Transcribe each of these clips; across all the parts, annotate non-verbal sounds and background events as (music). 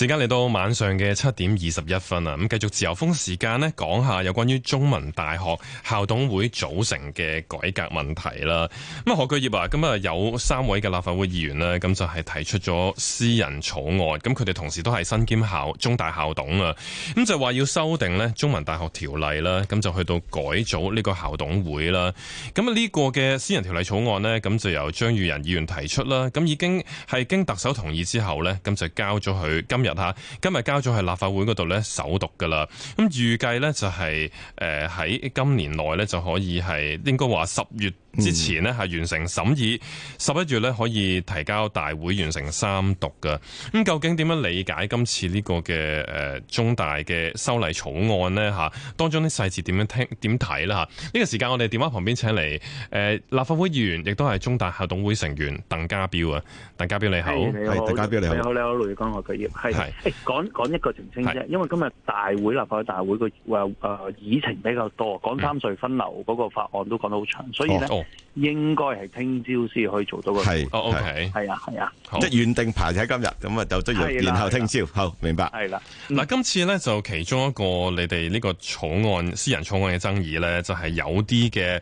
時間嚟到晚上嘅七點二十一分啊！咁繼續自由風時間呢，講下有關於中文大學校董會組成嘅改革問題啦。咁啊，何居業啊，咁啊有三位嘅立法會議員呢，咁就係提出咗私人草案。咁佢哋同時都係身兼校中大校董啊。咁就話要修訂咧中文大學條例啦，咁就去到改組呢個校董會啦。咁啊，呢個嘅私人條例草案呢，咁就由張宇人議員提出啦。咁已經係經特首同意之後呢，咁就交咗佢今日。吓，今日交咗喺立法會嗰度咧，首讀噶啦。咁預計咧就係誒喺今年內咧就可以係應該話十月。之前呢係完成審議，十一月呢可以提交大會完成三讀嘅。咁究竟點樣理解今次呢、這個嘅誒、呃、中大嘅修例草案呢？嚇，當中啲細節點樣聽點睇啦？嚇，呢、這個時間我哋電話旁邊請嚟誒、呃、立法會議員，亦都係中大校董會成員鄧家彪啊。鄧家彪，鄧家彪你好，你好鄧家彪你，好你好，你好你好，雷我河嘅葉，係，係講一個澄清啫，是因為今日大會立法會大會嘅誒誒議程比較多，講三隧分流嗰個法案都講得好長，嗯、所以呢。哦應該係聽朝先可以做到個係是、哦，OK，係啊，係啊，即係原定排就喺今日，咁啊，就都要，然後聽朝，好明白。係啦、啊，嗱、啊，嗯、今次咧就其中一個你哋呢個草案，私人草案嘅爭議咧，就係、是、有啲嘅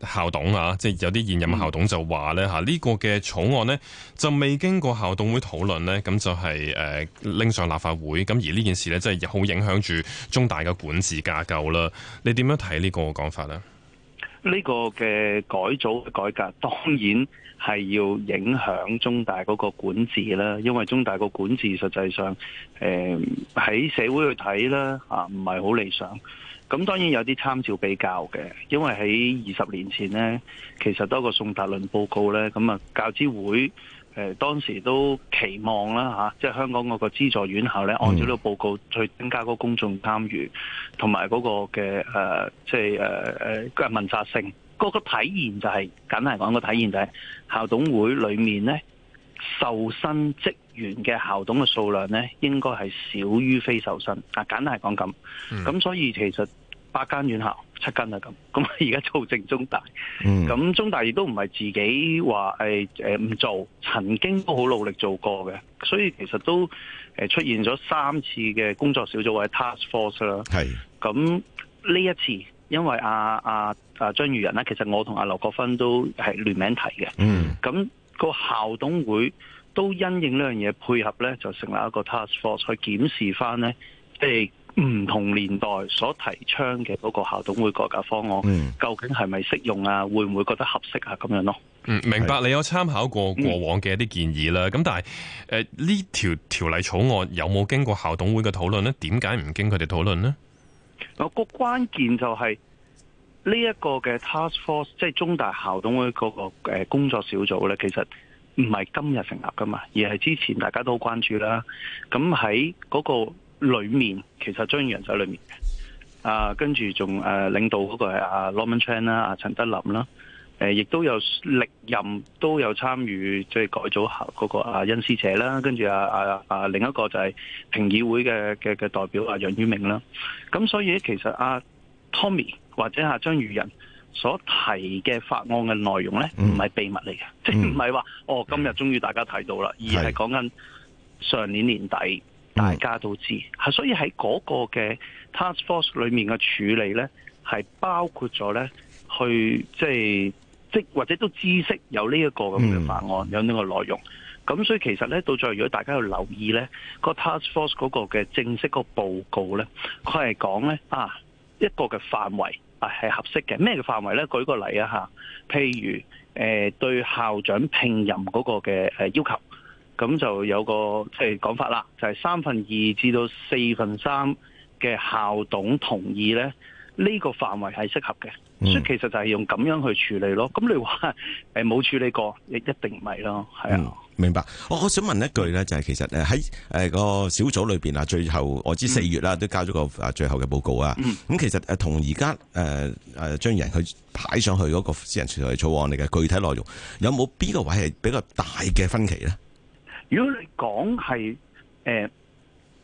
誒校董啊，即、就、係、是、有啲現任校董就話咧吓，呢、啊這個嘅草案呢，就未經過校董會討論呢，咁就係誒拎上立法會，咁而呢件事呢，即係好影響住中大嘅管治架構啦。你點樣睇呢個講法咧？呢個嘅改組改革當然係要影響中大嗰個管治啦，因為中大個管治實際上，誒喺社會去睇啦，啊，唔係好理想。咁當然有啲參照比較嘅，因為喺二十年前呢，其實多個宋達倫報告呢，咁啊教資會。誒、呃、當時都期望啦、啊、即係香港嗰個資助院校咧，按照呢個報告去增加嗰個公眾參與同埋嗰個嘅、呃、即係誒誒嘅問責性。嗰、嗰個體現就係、是、簡單嚟講，嗰個體現就係校董會裏面咧，受薪職員嘅校董嘅數量咧，應該係少於非受薪。啊，簡單係講咁。咁所以其實八間院校。七斤啊咁，咁而家做正中大，咁、嗯、中大亦都唔係自己話誒誒唔做，曾經都好努力做過嘅，所以其實都誒出現咗三次嘅工作小組或者、就是、task force 啦是。係，咁呢一次因為阿阿阿張宇人咧，其實我同阿劉國勳都係聯名提嘅。嗯，咁個校董會都因應呢樣嘢配合咧，就成立一個 task force 去檢視翻咧，即、欸、係。唔同年代所提倡嘅嗰個校董會改革方案，嗯、究竟係咪適用啊？會唔會覺得合適啊？咁樣咯。嗯，明白。你有參考過過往嘅一啲建議啦。咁、嗯、但係誒呢條條例草案有冇經過校董會嘅討論咧？點解唔經佢哋討論咧？個關鍵就係呢一個嘅 Task Force，即係中大校董會嗰個誒工作小組咧，其實唔係今日成立噶嘛，而係之前大家都好關注啦。咁喺嗰個裏面其實張宇人喺裏面嘅，啊，跟住仲誒領導嗰個係阿 Norman Chan 啦、啊，阿陳德霖啦，誒、啊，亦都有歷任都有參與即係改組合嗰個阿、啊、恩、啊、斯姐啦，跟住阿另一個就係評議會嘅嘅嘅代表阿楊宇明啦，咁、啊、所以其實阿、啊、Tommy 或者阿張宇人所提嘅法案嘅內容咧，唔係、嗯、秘密嚟嘅。嗯、即係唔係話哦今日終於大家睇到啦，是而係講緊上年年底。大家都知，所以喺嗰個嘅 Task Force 裏面嘅處理咧，係包括咗咧，去即係即或者都知悉有呢一個咁嘅法案，有呢個內容。咁所以其實咧，到最後如果大家要留意咧，個 Task Force 嗰個嘅正式個報告咧，佢係講咧啊一個嘅範圍啊係合適嘅。咩嘅範圍咧？舉個例啊吓譬如誒、呃、對校長聘任嗰個嘅誒要求。咁就有個即係講法啦，就係、是、三分二至到四分三嘅校董同意咧，呢、這個範圍係適合嘅，所以其實就係用咁樣去處理咯。咁你話冇處理過，亦一定唔係咯，係啊、嗯，明白。我我想問一句咧，就係、是、其實喺誒個小組裏面啊，最後我知四月啦、嗯、都交咗個啊最後嘅報告啊，咁、嗯、其實同而家誒誒將人佢擺上去嗰個私人條例草案嚟嘅具體內容，有冇邊個位係比較大嘅分歧咧？如果你講係誒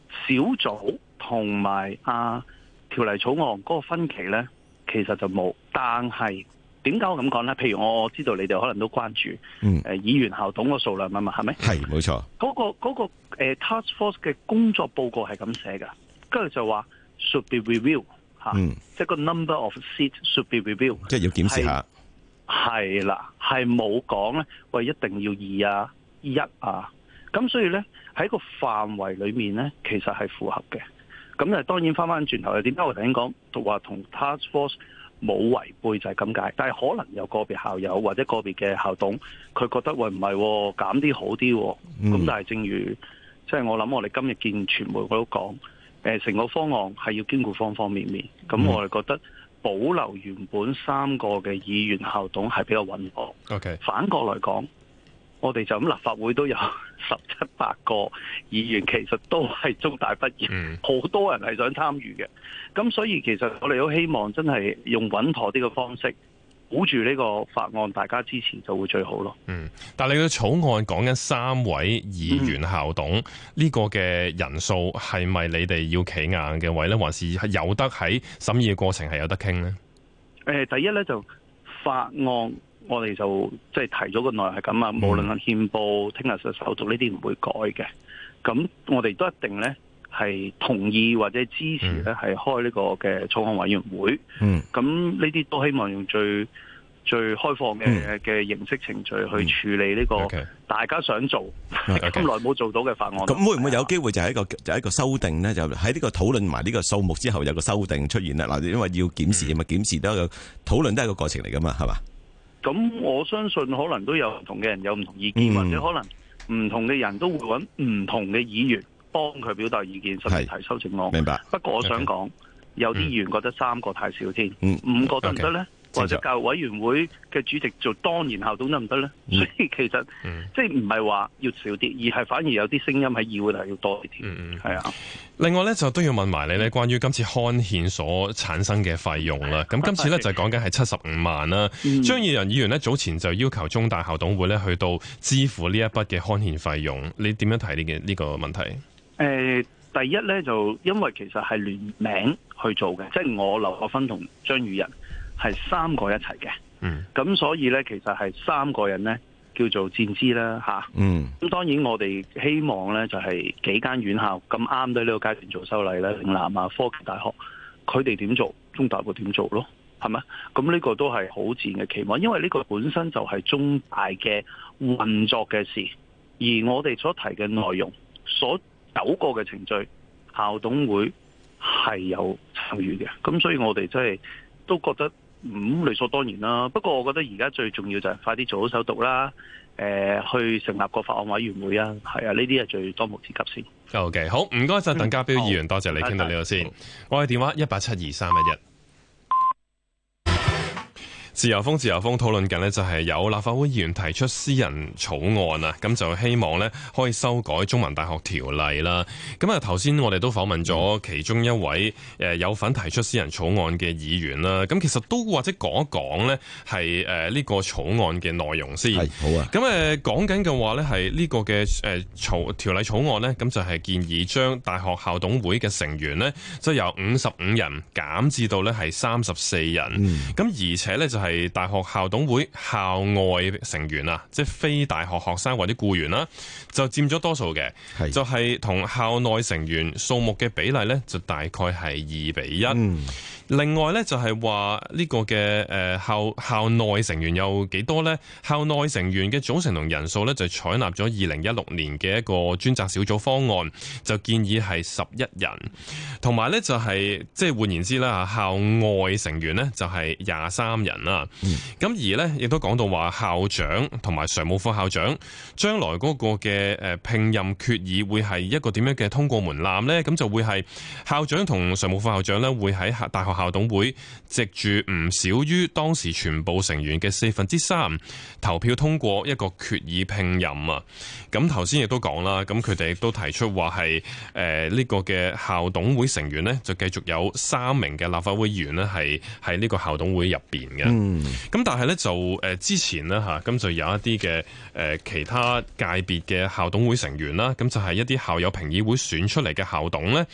小組同埋啊條例草案嗰個分歧咧，其實就冇。但係點解我咁講咧？譬如我知道你哋可能都關注，嗯誒、呃，議員校董個數量啊嘛，係咪？係冇錯。嗰個嗰個、誒、task force 嘅工作報告係咁寫嘅，跟住就話 should be review 嚇、嗯啊，即係個 number of seats should be reviewed, s be review，即係要檢視下。係啦，係冇講咧，喂，一定要二啊，一啊。咁所以呢，喺個範圍裏面呢，其實係符合嘅。咁啊，當然翻翻轉頭又點解？啱我頭先講話同 Task Force 冇違背就係咁解，但係可能有個別校友或者個別嘅校董佢覺得喂唔係減啲好啲、哦、咁、嗯、但係正如即係、就是、我諗，我哋今日見傳媒我都講，成個方案係要兼顧方方面面。咁我哋覺得保留原本三個嘅議員校董係比較穩妥。OK，反過來講。我哋就咁，立法會都有十七八個議員，其實都係中大畢業，好多人係想參與嘅。咁所以其實我哋都希望真係用穩妥啲嘅方式，保住呢個法案，大家支持就會最好咯。嗯，但係你嘅草案講緊三位議員校董，嗯、個是是呢個嘅人數係咪你哋要企硬嘅位咧，還是有得喺審議嘅過程係有得傾咧？誒、呃，第一咧就法案。我哋就即係提咗個內容係咁啊，無論係憲報、聽日實手續呢啲唔會改嘅。咁我哋都一定咧係同意或者支持咧係開呢個嘅草案委員會。嗯，咁呢啲都希望用最最開放嘅嘅形式程序去處理呢個大家想做咁耐冇做到嘅法案。咁會唔會有機會就係一個就一個修訂咧？就喺呢個討論埋呢個數目之後有個修訂出現啦。嗱，因為要檢視啊嘛，檢視都有討論都係一個過程嚟噶嘛，係嘛？咁我相信可能都有唔同嘅人有唔同意見，嗯、或者可能唔同嘅人都會揾唔同嘅議員幫佢表達意見，甚至提出修正。是修正案明白。不過我想講，okay. 有啲議員覺得三個太少添，嗯、五個得唔得咧？Okay. 或者教育委員會嘅主席做當年校董得唔得呢？嗯、所以其實、嗯、即係唔係話要少啲，而係反而有啲聲音喺議會度，要多啲。嗯嗯，係啊的。另外呢，就都要問埋你呢，關於今次刊憲所產生嘅費用啦。咁今次呢，是的就講緊係七十五萬啦。張宇人議員呢，早前就要求中大校董會呢去到支付呢一筆嘅刊憲費用。你點樣睇呢嘅呢個問題？誒、呃，第一呢，就因為其實係聯名去做嘅，即、就、係、是、我劉學芬同張宇人。係三個一齊嘅，咁、嗯、所以呢，其實係三個人呢叫做戰資啦嚇。咁、啊嗯、當然我哋希望呢，就係、是、幾間院校咁啱喺呢個階段做修例呢，嶺南啊、科技大學，佢哋點做，中大會點做咯，係咪？咁呢個都係好自然嘅期望，因為呢個本身就係中大嘅運作嘅事，而我哋所提嘅內容，所走過嘅程序，校董會係有參與嘅，咁所以我哋真係都覺得。唔，理所當然啦。不過我覺得而家最重要就係快啲做好手續啦、呃，去成立個法案委員會啊。係啊，呢啲係最當務之急先。O、okay, K，好，唔該晒鄧家彪議員，嗯哦、多謝你傾到呢度先。拜拜，我嘅電話一八七二三一一。自由風，自由風討論緊呢，就係有立法會議員提出私人草案啊，咁就希望呢，可以修改中文大學條例啦。咁啊頭先我哋都訪問咗其中一位、嗯呃、有份提出私人草案嘅議員啦。咁其實都或者講一講呢，係呢個草案嘅內容先。好啊。咁誒講緊嘅話呢，係呢個嘅草條例草案呢。咁就係建議將大學校董會嘅成員呢，即由五十五人減至到呢係三十四人。咁、嗯、而且呢，就係、是。係大學校董會校外成員啊，即係非大學學生或者雇員啦，就佔咗多數嘅，就係、係、同校內成員數目嘅比例咧，就大概係二比一。嗯，另外咧就係話呢個嘅誒校校內成員有幾多咧？校內成員嘅組成同人數咧就採納咗二零一六年嘅一個專責小組方案，就建議係十一人，同埋咧就係即係換言之啦，校外成員咧就係廿三人啦。啊，咁、嗯、而呢亦都講到話校長同埋常務副校長將來嗰個嘅誒聘任決議會係一個點樣嘅通過門檻呢？咁就會係校長同常務副校長呢會喺大學校董會籍住唔少於當時全部成員嘅四分之三投票通過一個決議聘任啊。咁頭先亦都講啦，咁佢哋亦都提出話係誒呢個嘅校董會成員呢，就繼續有三名嘅立法會議員呢，係喺呢個校董會入邊嘅。嗯嗯，咁但係咧就誒之前呢，吓，咁就有一啲嘅誒其他界別嘅校董會成員啦，咁就係、是、一啲校友評議會選出嚟嘅校董咧，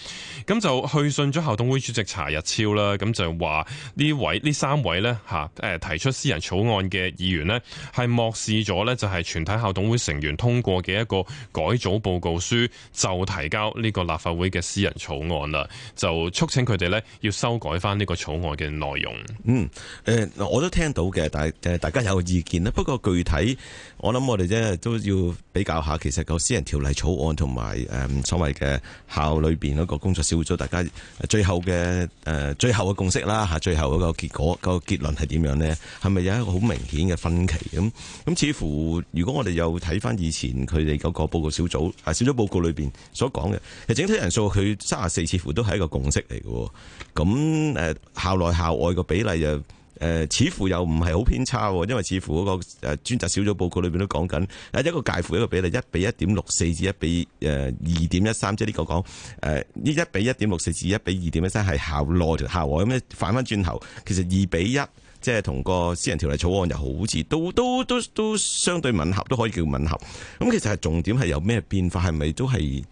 咁就去信咗校董會主席查逸超啦，咁就話呢位呢三位咧吓，誒提出私人草案嘅議員呢，係漠視咗咧就係全體校董會成員通過嘅一個改組報告書，就提交呢個立法會嘅私人草案啦，就促請佢哋咧要修改翻呢個草案嘅內容。嗯，誒、呃、我。我都聽到嘅，但係誒，大家有個意見啦。不過具體，我諗我哋咧都要比較下，其實個私人條例草案同埋誒所謂嘅校裏邊嗰個工作小組，大家最後嘅誒最後嘅共識啦，嚇最後嗰個結果、個結論係點樣呢？係咪有一個好明顯嘅分歧咁？咁似乎如果我哋又睇翻以前佢哋嗰個報告小組啊，小組報告裏邊所講嘅，其實整體人數佢三十四，似乎都係一個共識嚟嘅。咁誒校內校外個比例又？誒、呃、似乎又唔係好偏差喎，因為似乎嗰個誒專責小組報告裏邊都講緊誒一個介乎一個比例一比一點六四至一比誒二點一三，即係呢個講誒呢一比一點六四至一比二點一三係校內校喎，咁反翻轉頭其實二比一即係同個私人條例草案又好似都都都都相對吻合，都可以叫吻合。咁其實係重點係有咩變化，係咪都係誒？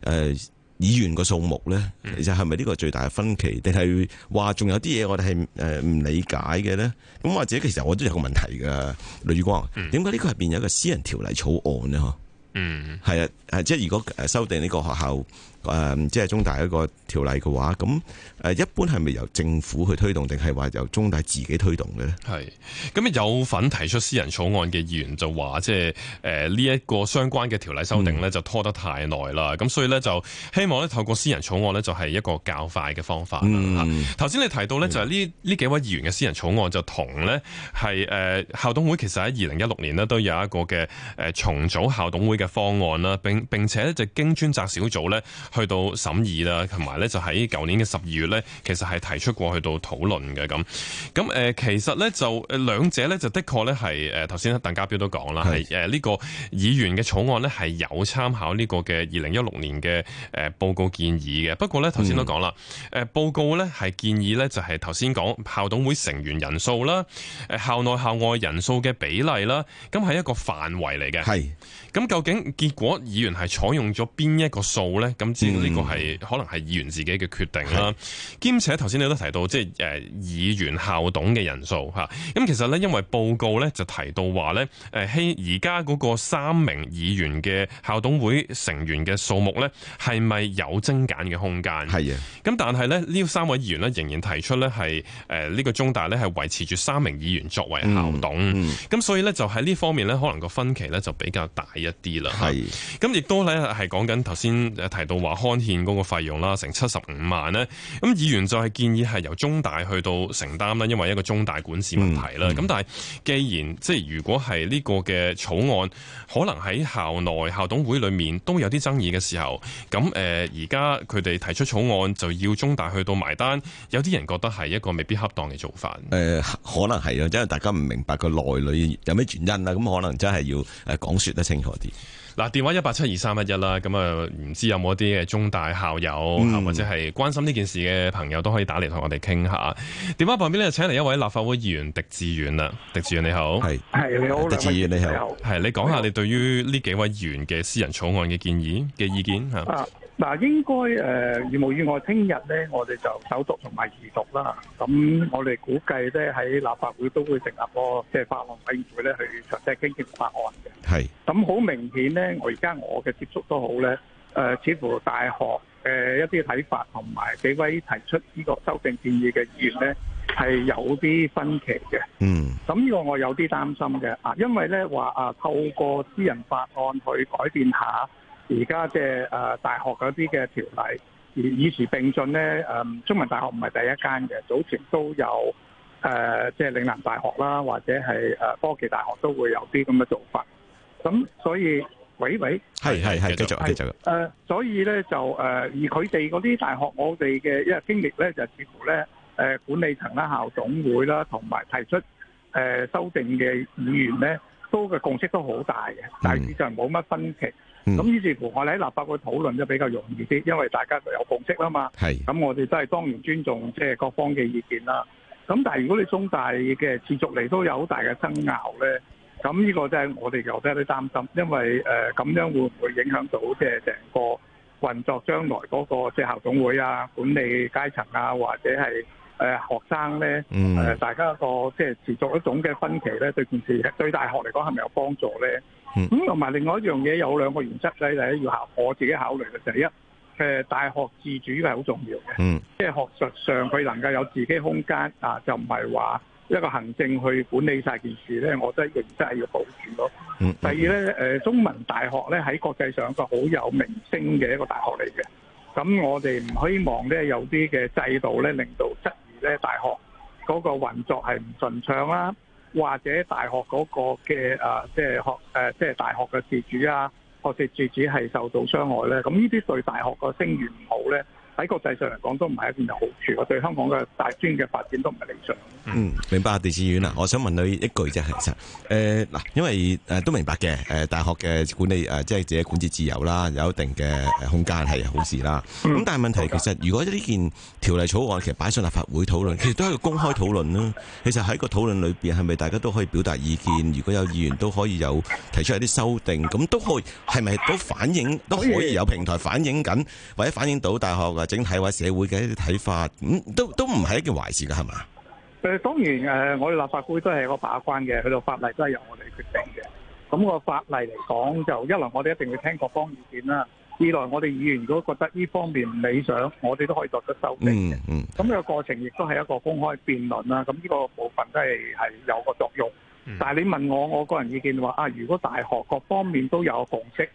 呃議員個數目咧，其實係咪呢個最大嘅分歧？定係話仲有啲嘢我哋係誒唔理解嘅咧？咁或者其實我都有個問題㗎，呂宇光，點解呢個入邊有一個私人條例草案呢？嗬，嗯，係啊，係即係如果修訂呢個學校。誒、呃，即係中大一個條例嘅話，咁誒一般係咪由政府去推動，定係話由中大自己推動嘅呢？係，咁有份提出私人草案嘅議員就話，即係誒呢一個相關嘅條例修訂呢，就拖得太耐啦。咁、嗯、所以呢，就希望呢透過私人草案呢，就係一個較快嘅方法啦。頭先、嗯啊、你提到呢，就係呢呢幾位議員嘅私人草案就同呢係誒、呃、校董會其實喺二零一六年呢，都有一個嘅誒重組校董會嘅方案啦，並並且呢就經專責小組呢。去到審議啦，同埋咧就喺舊年嘅十二月咧，其實係提出過去到討論嘅咁。咁其實咧就誒兩者咧就的確咧係誒頭先鄧家彪都講啦，係呢個議員嘅草案咧係有參考呢個嘅二零一六年嘅誒報告建議嘅。不過咧頭先都講啦，誒、嗯、報告咧係建議咧就係頭先講校董會成員人數啦，校內校外人數嘅比例啦，咁係一個範圍嚟嘅。係。咁究竟結果議員係採用咗邊一個數咧？咁知呢個係可能係議員自己嘅決定啦。兼、嗯、且頭先你都提到，即係誒議員校董嘅人數嚇。咁其實呢，因為報告呢就提到話呢，誒希而家嗰個三名議員嘅校董會成員嘅數目呢，係咪有增減嘅空間？係啊。咁但係呢，呢三位議員呢，仍然提出呢係誒呢個中大呢係維持住三名議員作為校董。咁、嗯嗯、所以呢，就喺呢方面呢，可能個分歧呢就比較大。一啲啦，係咁亦都咧係講緊頭先提到話刊憲嗰個費用啦，成七十五萬呢。咁議員就係建議係由中大去到承擔啦，因為一個中大管事問題啦。咁但係既然即係如果係呢個嘅草案，可能喺校內校董會裏面都有啲爭議嘅時候，咁誒而家佢哋提出草案就要中大去到埋單，有啲人覺得係一個未必恰當嘅做法。誒、呃，可能係啊，真係大家唔明白個內裏有咩原因啦。咁可能真係要誒講說得清楚。嗱，電話一八七二三一一啦，咁啊，唔知有冇啲嘅中大校友、嗯、或者係關心呢件事嘅朋友都可以打嚟同我哋傾下。電話旁邊咧，請嚟一位立法會議員狄志遠啦，狄志遠你好，係，係你好，狄志遠你好，係，你講下你對於呢幾位議員嘅私人草案嘅建議嘅意見吓。啊嗱，應該誒，如、呃、無意外，聽日咧，我哋就首讀同埋二讀啦。咁我哋估計咧，喺立法會都會成立個嘅法案委員會咧，去詳細傾議法案嘅。係是。咁好明顯咧，我而家我嘅接觸都好咧、呃，似乎大學嘅一啲睇法同埋幾位提出呢個修正建議嘅議員咧，係有啲分歧嘅。嗯。咁呢個我有啲擔心嘅，啊，因為咧話啊，透過私人法案去改變下。而家即係誒大學嗰啲嘅條例，與時並進咧誒，中文大學唔係第一間嘅，早前都有誒，即係嶺南大學啦，或者係誒科技大學都會有啲咁嘅做法。咁所以，喂喂係係係，繼續繼續誒，所以咧就誒，而佢哋嗰啲大學，我哋嘅一個經歷咧，就似乎咧誒，管理層啦、校董會啦，同埋提出誒修訂嘅議員咧，都嘅共識都好大嘅，大致上就冇乜分歧。嗯。咁、嗯、於是乎，我哋喺立法會討論都比較容易啲，因為大家有共識啦嘛。咁係我哋都係當然尊重即係各方嘅意見啦。咁但係如果你中大嘅持續嚟都有好大嘅爭拗咧，咁呢個即係我哋又都有啲擔心，因為誒咁樣會唔會影響到即係成個運作將來嗰個即係校董會啊、管理階層啊，或者係誒學生咧、嗯、大家一個即係持續一種嘅分歧咧，對件事對大學嚟講係咪有幫助咧？咁同埋另外一樣嘢有兩個原則，第一要考我自己考慮嘅就係一，呃、大學自主係好重要嘅，即係、嗯、學術上佢能夠有自己空間啊，就唔係話一個行政去管理曬件事咧，我覺得亦真係要保住咯。第二咧、呃，中文大學咧喺國際上一個好有名聲嘅一個大學嚟嘅，咁我哋唔希望咧有啲嘅制度咧令到質疑咧大學嗰個運作係唔順暢啦。或者大學嗰個嘅、呃呃、即係大學嘅自主呀、啊，學術自主係受到傷害呢。咁呢啲對大學個聲譽唔好呢。喺國際上嚟講都唔係一件有好處，我對香港嘅大專嘅發展都唔係理想。嗯，明白啊，狄志遠啊，我想問你一句啫，其實，誒嗱，因為誒都明白嘅，誒大學嘅管理誒即係自己管治自由啦，有一定嘅空間係好事啦。咁但係問題其實，如果呢件條例草案其實擺上立法會討論，其實都係一個公開討論啦。其實喺個討論裏邊係咪大家都可以表達意見？如果有議員都可以有提出一啲修訂，咁都可以係咪都反映都可以有平台反映緊或者反映到大學？整體或社會嘅一啲睇法，咁、嗯、都都唔係一件壞事嘅，係嘛？誒當然誒，我哋立法會都係個把關嘅，佢、那個法例都係由我哋決定嘅。咁個法例嚟講，就一來我哋一定要聽各方意見啦，二來我哋議員如果覺得呢方面唔理想，我哋都可以作出修正嘅。嗯。嗯嗯。咁呢個過程亦都係一個公開辯論啦。咁呢個部分都係係有個作用。嗯、但係你問我，我個人意見嘅話啊，如果大學各方面都有共識。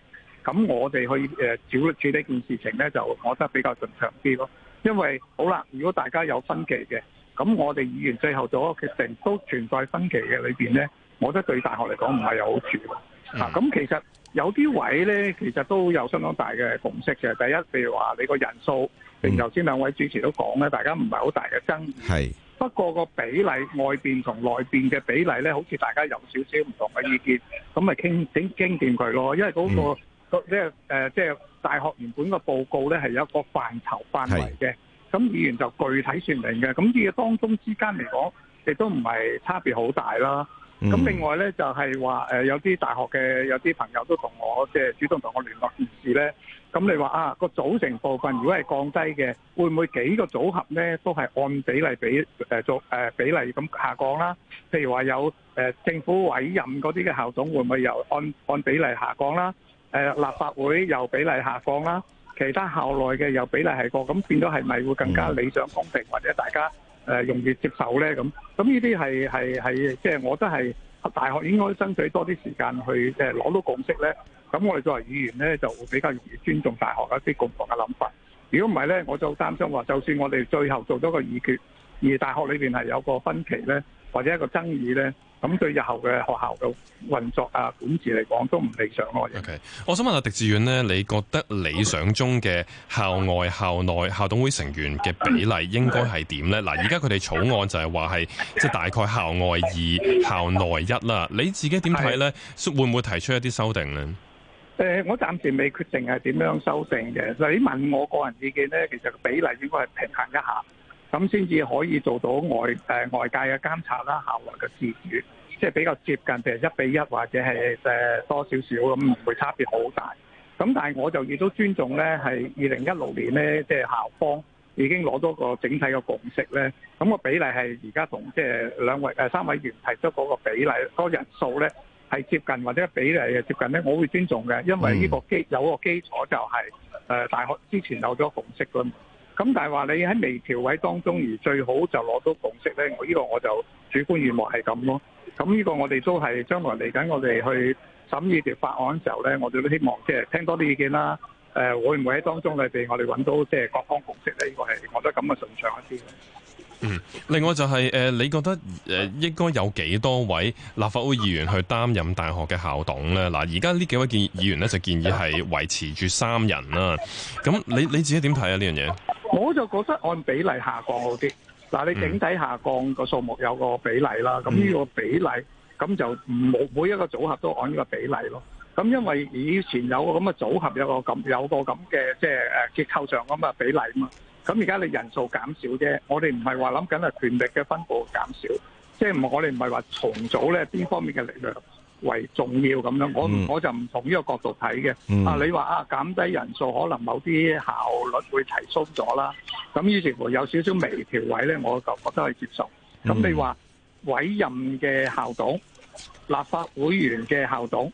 咁我哋去誒處理住呢件事情咧，就我覺得比較順暢啲咯。因為好啦，如果大家有分歧嘅，咁我哋議員最後做一個決定都存在分歧嘅裏面咧，我覺得對大學嚟講唔係有好處。嗯、啊，咁其實有啲位咧，其實都有相當大嘅共識嘅。第一，譬如話你個人數，並頭先兩位主持都講咧，大家唔係好大嘅爭議。是不過個比例外邊同內邊嘅比例咧，好似大家有少少唔同嘅意見，咁咪傾整傾掂佢咯。因為嗰、那個、嗯即係誒，即係、呃就是、大學原本個報告咧，係有一個範疇範圍嘅。咁是議員就具體説明嘅。咁啲嘢當中之間嚟講，亦都唔係差別好大啦。咁另外咧，就係話誒，有啲大學嘅有啲朋友都同我即係、就是、主動同我聯絡件事咧。咁你話啊，個組成部分如果係降低嘅，會唔會幾個組合咧都係按比例比誒做誒比例咁下降啦？譬如話有誒、呃、政府委任嗰啲嘅校董，會唔會由按按比例下降啦？誒立法會又比例下降啦，其他校內嘅又比例係降，咁變咗係咪會更加理想公平，或者大家誒容易接受咧？咁咁呢啲係係係，即係、就是、我覺得係大學應該爭取多啲時間去誒攞到共識咧。咁我哋作為議員咧，就會比較容易尊重大學一啲共同嘅諗法。如果唔係咧，我就好擔心話，就算我哋最後做咗個議決，而大學裏邊係有個分歧咧，或者一個爭議咧。咁對日後嘅學校嘅運作啊、管治嚟講都唔理想咯。OK，我想問下、啊、狄志遠呢，你覺得理想中嘅校外 Okay. 校內校董會成員嘅比例應該係點呢？嗱，而家佢哋草案就係話係即係大概校外二 (coughs) 校內一啦。你自己點睇呢？ (coughs) 會唔會提出一啲修訂呢？誒、呃，我暫時未決定係點樣修訂嘅。你問我個人意見呢，其實比例應該係平衡一下。咁先至可以做到外、呃、外界嘅監察啦，校內嘅自主，即係比較接近，譬如一比一或者係、呃、多少少咁，唔會差別好大。咁但係我就亦都尊重咧，係二零一六年咧，即係校方已經攞多個整體嘅共識咧，咁個比例係而家同即係兩位、呃、三位員提出嗰個比例嗰個人數咧係接近或者比例係接近咧，我會尊重嘅，因為呢個基有個基礎就係、呃、大學之前有咗共識嘅。咁但係話你喺微調委當中而最好就攞到共識咧，我、這、呢個我就主觀願望係咁咯。咁呢個我哋都係將來嚟緊，我哋去審議條法案嘅時候咧，我哋都希望即係聽多啲意見啦。誒、呃、會唔會喺當中，你如我哋揾到即係各方共識咧？呢、這個係我覺得咁嘅順暢一啲。嗯，另外就係、是呃、你覺得誒、呃、應該有幾多位立法會議員去擔任大學嘅校董咧？嗱，而家呢幾位議員咧就建議係維持住三人啦、啊。咁你你自己點睇啊？呢樣嘢？就覺得按比例下降好啲。嗱，你整體下降個數目有個比例啦。咁呢個比例，咁就冇每一個組合都按呢個比例咯。咁因為以前有個咁嘅組合，有個咁有個咁嘅即係誒結構上咁嘅比例啊嘛。咁而家你人數減少啫，我哋唔係話諗緊係權力嘅分布減少，即係我哋唔係話重組咧邊方面嘅力量。為重要咁樣，我我就唔從呢個角度睇嘅。啊，你話啊，減低人數可能某啲效率會提升咗啦。咁於是乎有少少微調位咧，我就覺得可以接受。咁你話委任嘅校董、立法會員嘅校董、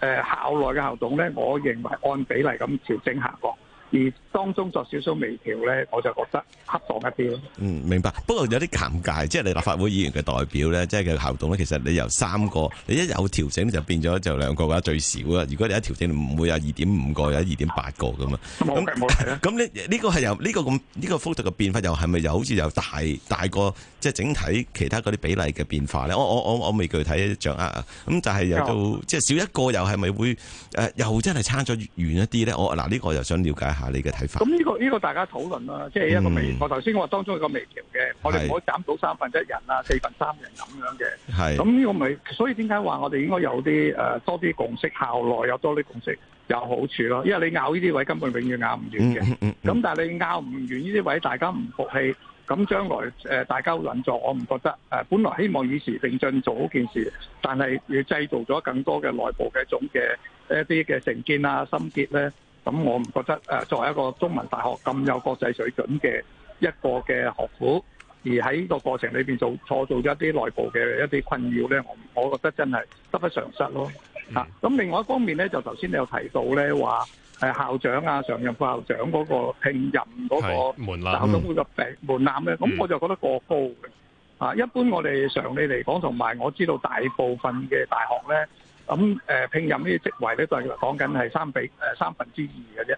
誒校內嘅校董咧，我認為按比例咁調整下降，而當中作少少微調咧，我就覺得恰當一啲咯。嗯，明白。不過有啲尷尬，即係你立法會議員嘅代表咧，即係嘅校董咧，其實你由三個，你一有調整就變咗就兩個嘅，最少啊。如果你一調整唔會有二點五個，有二點八個嘅嘛。咁呢呢個係由呢個咁呢個幅度嘅變化，又係咪又好似有大大個即係整體其他嗰啲比例嘅變化咧？我我我我未具體掌握啊。咁但係又到即係少一個又係咪會、呃，又係咪會誒又真係差咗遠一啲咧？我嗱呢個又想了解下。你嘅睇法咁呢、這個呢、這個大家討論啦，即、就、係、是、一個微、嗯、我頭先我話當中係個微調嘅，我哋可以減到三分之一三分一人啊、四分三人咁樣嘅。係咁是，我咪所以點解話我哋應該有啲誒、呃、多啲共識，校內有多啲共識有好處咯。因為你拗呢啲位根本永遠拗唔、嗯嗯、完嘅。咁但係你拗唔完呢啲位，大家唔服氣，咁將來誒、呃、大家會作，我唔覺得誒、呃，本來希望以時並進做好件事，但係要製造咗更多嘅內部嘅一種嘅一啲嘅成見啊、心結咧。咁我唔覺得作為一個中文大學咁有國際水準嘅一個嘅學府，而喺呢個過程裏面做錯做咗一啲內部嘅一啲困擾咧，我我覺得真係得不償失咯。咁、嗯啊、另外一方面咧，就頭先你有提到咧，話係校長啊、常任副校長嗰個聘任嗰個攪到佢個病門檻咧，咁我就覺得過高嘅。嗯嗯、啊，一般我哋常理嚟講，同埋我知道大部分嘅大學咧。咁誒聘任呢啲職位咧，就係講緊係三比、呃、三分之二嘅、啊、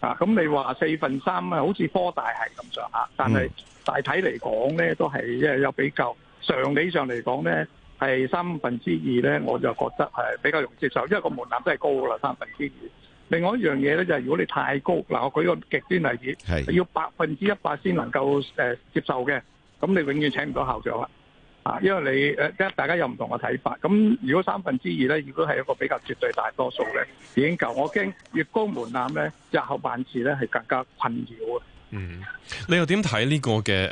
啫。啊，咁你話四分三啊，好似科大係咁上下，但係大體嚟講咧，都係即有比較常理上嚟講咧，係三分之二咧，我就覺得係比較容易接受，因為個門檻都係高噶啦，三分之二。另外一樣嘢咧，就係、是、如果你太高嗱，我舉個極端例子，係是要百分之一百先能夠、呃、接受嘅，咁你永遠請唔到校長。因為你誒即大家有唔同嘅睇法，咁如果三分之二咧，如果係一個比較絕對大多數咧，已經夠。我驚越高門檻咧，日後辦事咧係更加困擾啊。嗯，你又點睇呢個嘅誒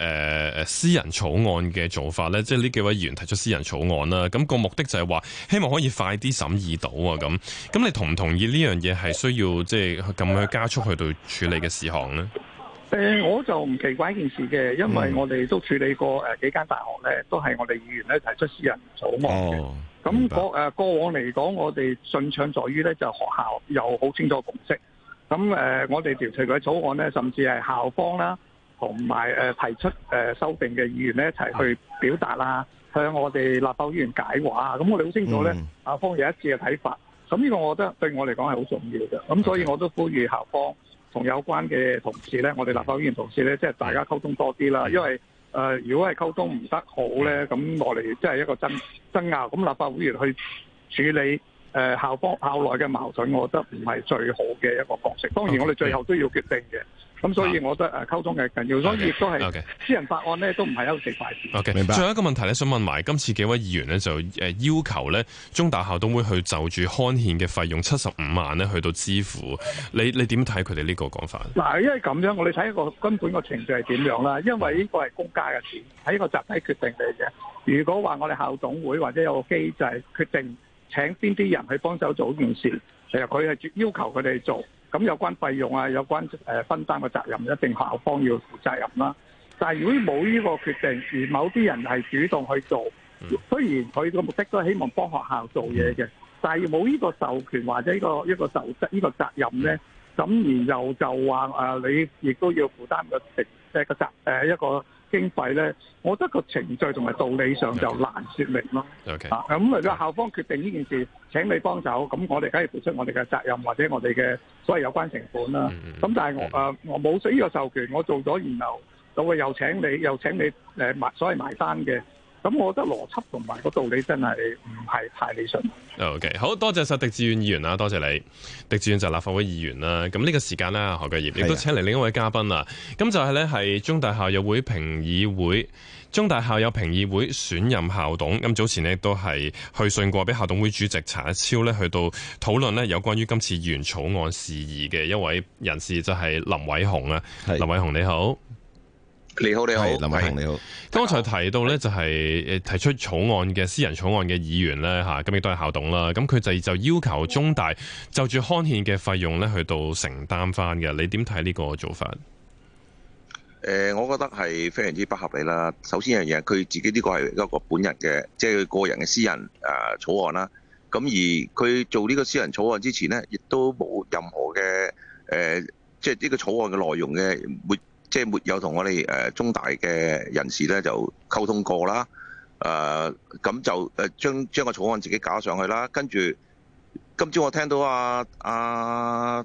誒私人草案嘅做法咧？即係呢幾位議員提出私人草案啦，咁、那個目的就係話希望可以快啲審議到啊。咁咁，那你同唔同意呢樣嘢係需要即係咁樣去加速去到處理嘅事項咧？誒、呃，我就唔奇怪一件事嘅，因為我哋都處理過誒、呃嗯、幾間大學咧，都係我哋議員咧提出私人草案嘅。咁過誒往嚟講，我哋順暢在於咧，就學校有好清楚嘅共識。咁誒、呃，我哋調裁調查佢草案咧，甚至係校方啦，同埋、呃、提出誒、呃、修訂嘅議員咧一齊去表達啦，向我哋立法議員解話。咁我哋好清楚咧，嗯、校方有一致嘅睇法。咁呢個我覺得對我嚟講係好重要嘅。咁所以我都呼籲校方。同有關嘅同事咧，我哋立法會議員同事咧，即係大家溝通多啲啦。因為誒，如果係溝通唔得好咧，咁落嚟即係一個爭爭拗，咁立法會議員去處理誒校方校內嘅矛盾，我覺得唔係最好嘅一個角色。當然，我哋最後都要決定嘅。咁、啊、所以，我覺得溝通嘅緊要，所以亦都係私人法案咧，都唔係一個食飯事。Okay，明白。最後一個問題咧，想問埋今次幾位議員咧，就誒要求咧，中大校董會去就住刊憲嘅費用七十五萬咧，去到支付，你你點睇佢哋呢個講法？嗱，因為咁樣，我哋睇一個根本個程序係點樣啦？因為呢個係公家嘅錢，係一個集體決定嚟嘅。如果話我哋校董會或者有個機制決定請邊啲人去幫手做件事，其實佢係要求佢哋去做。咁有關費用啊，有關分擔嘅責任，一定校方要負責任啦。但係如果冇呢個決定，而某啲人係主動去做，雖然佢個目的都係希望幫學校做嘢嘅，嗯、但係冇呢個授權或者呢、呢個一、呢個授權、呢個、呢，咁而又就話、啊、你亦都要負擔個責任。一個。一個經費咧，我覺得個程序同埋道理上就難説明咯。咁 Okay. Okay. 啊，嗯嗯嗯、校方決定呢件事請你幫手，咁我哋梗係付出我哋嘅責任或者我哋嘅所謂有關成本啦。咁、嗯嗯、但係我誒、呃、我冇咗呢個授權，我做咗然後，就會又請你又請你誒埋、呃、所謂埋單嘅。咁我覺得邏輯同埋個道理真係唔係太理想。OK，好多謝曬狄志遠議員啦，多謝你。狄志遠就立法會議員啦。咁呢個時間啦，何繼業亦都請嚟另一位嘉賓啊。咁的就係呢，係中大校友會評議會，中大校友評議會選任校董。咁早前呢，都係去信過俾校董會主席查一超呢，去到討論呢有關於今次議員草案事宜嘅一位人士就係、是、林偉雄啊。的林偉雄你好。你好，你好，林偉雄是你好。剛才提到咧，就係提出草案嘅的私人草案嘅議員咧，吓咁亦都係校董啦。咁佢就就要求中大就住刊憲嘅費用咧，去到承擔翻嘅。你點睇呢個做法？誒、呃，我覺得係非常之不合理啦。首先一樣嘢，佢自己呢個係一個本人嘅，即、就、係、是、佢個人嘅私人誒、呃、草案啦。咁而佢做呢個私人草案之前咧，亦都冇任何嘅誒，即係呢個草案嘅內容嘅會。即係沒有同我哋誒中大嘅人士咧就溝通過啦，誒、呃、咁就誒將將個草案自己搞上去啦。跟住今朝我聽到阿阿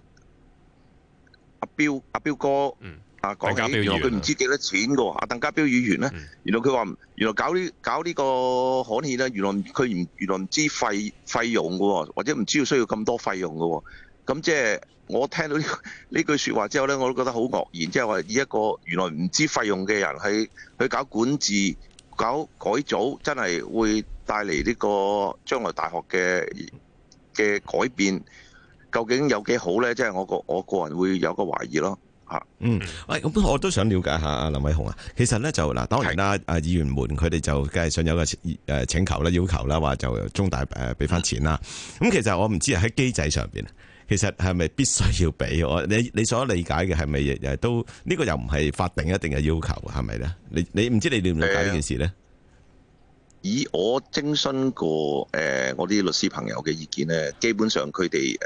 阿彪阿、啊、彪哥、嗯、啊講起，佢唔知幾多錢嘅喎。阿鄧家彪議員咧、嗯，原來佢話原來搞呢搞呢個刊憲咧，原來佢原原來唔知道費費用嘅喎，或者唔知要需要咁多費用嘅喎。咁即係。我聽到呢句説話之後呢，我都覺得好愕然。即係話以一個原來唔知費用嘅人去去搞管治、搞改組，真係會帶嚟呢個將來大學嘅嘅改變，究竟有幾好呢？即係我個我個人會有個懷疑咯嚇。嗯，喂，咁我都想了解下林偉雄啊。其實呢，就嗱，當然啦，啊是議員們佢哋就梗係想有個誒請求啦、要求啦，話就中大誒俾返錢啦。咁其實我唔知喺機制上邊。其實係咪必須要俾我？你你所理解嘅，係咪亦都呢、這個又唔係法定一定嘅要求係咪咧？你你唔知你理唔理解呢件事咧？以我徵詢過誒、呃、我啲律師朋友嘅意見咧，基本上佢哋誒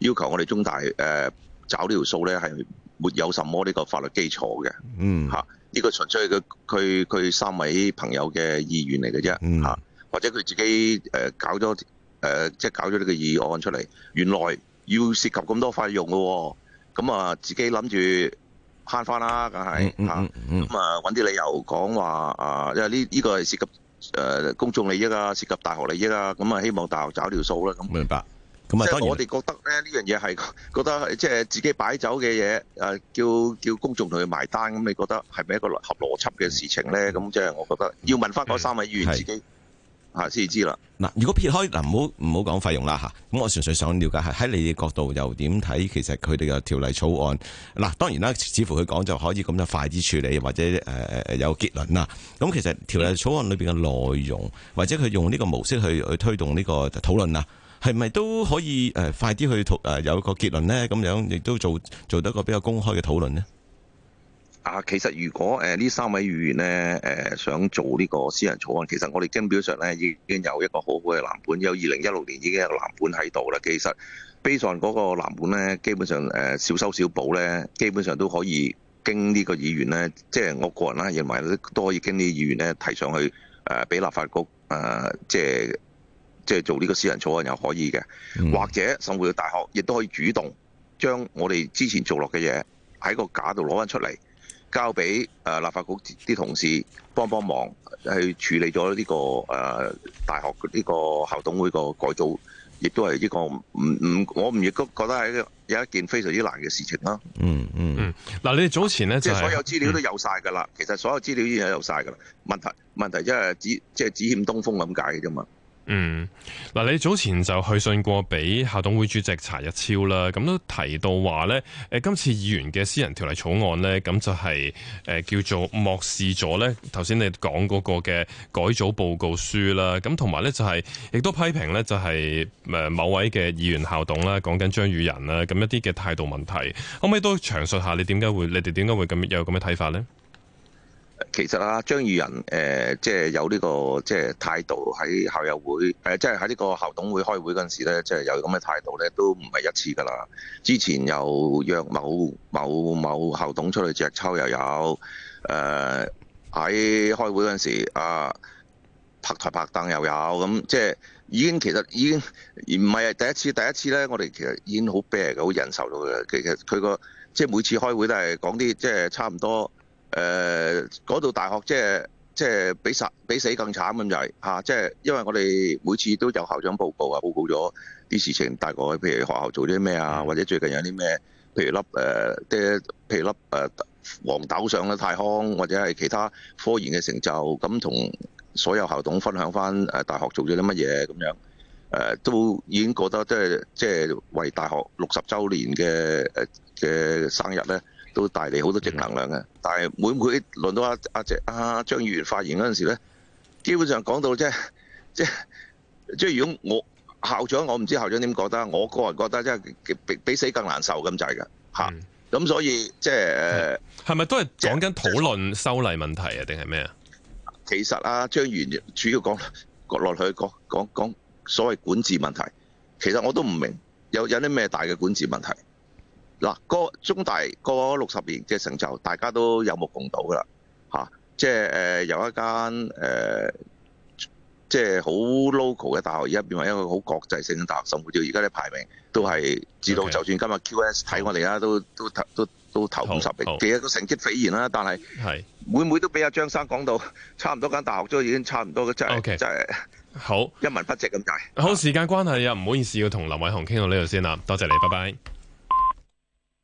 要求我哋中大誒、呃、找呢條數咧係沒有什麼呢個法律基礎嘅。嗯，吓呢、啊這個純粹係佢佢佢三位朋友嘅意願嚟嘅啫。吓、啊、或者佢自己誒、呃、搞咗誒、呃、即係搞咗呢個議案出嚟，原來。要涉及咁多費用咯，哦，咁啊自己諗住慳翻啦，梗係嚇。咁、嗯嗯嗯、啊揾啲、嗯嗯嗯啊、理由講話啊，因為呢呢、呢個係涉及誒、呃、公眾利益啊，涉及大學利益啊，咁、嗯、啊希望大學找一條數啦。咁明白。咁啊，我哋覺得咧，呢然樣嘢係覺得即係自己擺酒嘅嘢，誒、啊、叫叫公眾同佢埋單，咁你覺得係咪一個合邏輯嘅事情咧？咁即係我覺得要問翻嗰三位議員自己，啊，先知啦嗱。如果撇開嗱，唔好唔好講費用啦吓，咁我純粹想了解下，喺你哋角度又點睇？其實佢哋嘅條例草案嗱，當然啦，似乎佢講就可以咁樣快啲處理，或者誒誒有結論啦。咁其實條例草案裏邊嘅內容，或者佢用呢個模式去去推動呢個討論啦，係咪都可以誒快啲去誒有個結論咧？咁樣亦都做做得一個比較公開嘅討論呢？啊，其實如果誒呢、呃、三位議員咧誒、呃、想做呢個私人草案，其實我哋經表上咧已經有一個很好好嘅藍本，有二零一六年已經有個藍本喺度啦。其實 b 上 s i 嗰個藍本咧，基本上誒少收少補咧，基本上都可以經呢個議員咧，即、就、係、是、我個人啦，認為都可以經呢個議員咧提上去誒，俾、呃、立法局誒、呃，即係即係做呢個私人草案又可以嘅，嗯、或者送至乎大學亦都可以主動將我哋之前做落嘅嘢喺個架度攞翻出嚟，交俾誒立法局啲同事幫幫忙，去處理咗呢個誒大學呢個校董會個改造，亦都係呢、這個唔唔，我唔亦都覺得係有一件非常之難嘅事情啦、嗯。嗯嗯嗯。嗱，你哋早前咧、就是，即係所有資料都有晒㗎啦。嗯、其實所有資料已經有晒㗎啦。問題問題即係只即係、就是、只欠東風咁解㗎啫嘛。嗯，嗱，你早前就去信過俾校董會主席查日超啦，咁都提到話咧，誒，今次議員嘅私人條例草案咧，咁就係、是、誒、呃、叫做漠視咗咧，頭先你講嗰個嘅改組報告書啦，咁同埋咧就係、是、亦都批評咧就係誒某位嘅議員校董啦，講緊張宇人啦，咁一啲嘅態度問題，可唔可以都詳述下你點解會，你哋點解會咁有咁嘅睇法咧？其實啊，張宇人誒，即、呃、係、就是、有呢、這個即係、就是、態度喺校友會誒，即係喺呢個校董會開會嗰陣時咧，即、就、係、是、有咁嘅態度咧，都唔係一次噶啦。之前又約某某某校董出去隻抽又有，誒、呃、喺開會嗰陣時啊，拍台拍凳又有，咁即係已經其實已經唔係第一次，第一次咧我哋其實已經好啤嘅，好忍受到嘅。其實佢個即係每次開會都係講啲即係差唔多。誒，嗰度大學即係即係比比死更慘咁就係嚇。即係因為我哋每次都有校長報告啊，報告咗啲事情，大概譬如學校做啲咩啊，或者最近有啲咩，譬如粒即啲譬如粒誒、呃呃、黃豆上啦太空，或者係其他科研嘅成就，咁同所有校董分享翻誒大學做咗啲乜嘢咁樣誒、呃，都已經覺得即係即係為大學六十週年嘅嘅、呃、生日咧。都帶嚟好多正能量嘅，嗯、但係會唔會輪到阿阿阿張議員發言嗰陣時咧，基本上講到即係即係即係，即係即係、如果我校長我唔知校長點覺得，我個人覺得即係比比死更難受咁滯嘅嚇，咁、嗯、所以即係誒係咪都係講緊討論修例問題啊？定係咩啊？其實阿張議員主要講講落去講講講所謂管治問題，其實我都唔明有有啲咩大嘅管治問題。嗱，中大過咗六十年，嘅成就，大家都有目共睹噶啦，嚇、啊！即係誒，由、呃、一間誒、呃，即係好 local 嘅大學，而家變為一個好國際性嘅大學，甚至而家啲排名都係至到，就算今日 QS 睇我哋啦，都都頭都都頭五十名，其實個成績斐然啦。但係每每都俾阿張生講到，差唔多間大學都已經差唔多嘅，真係 Okay. 真係是好一文不值咁解。好，對好，時間關係啊，唔好意思，要同林偉雄傾到呢度先啦，多謝你，拜拜。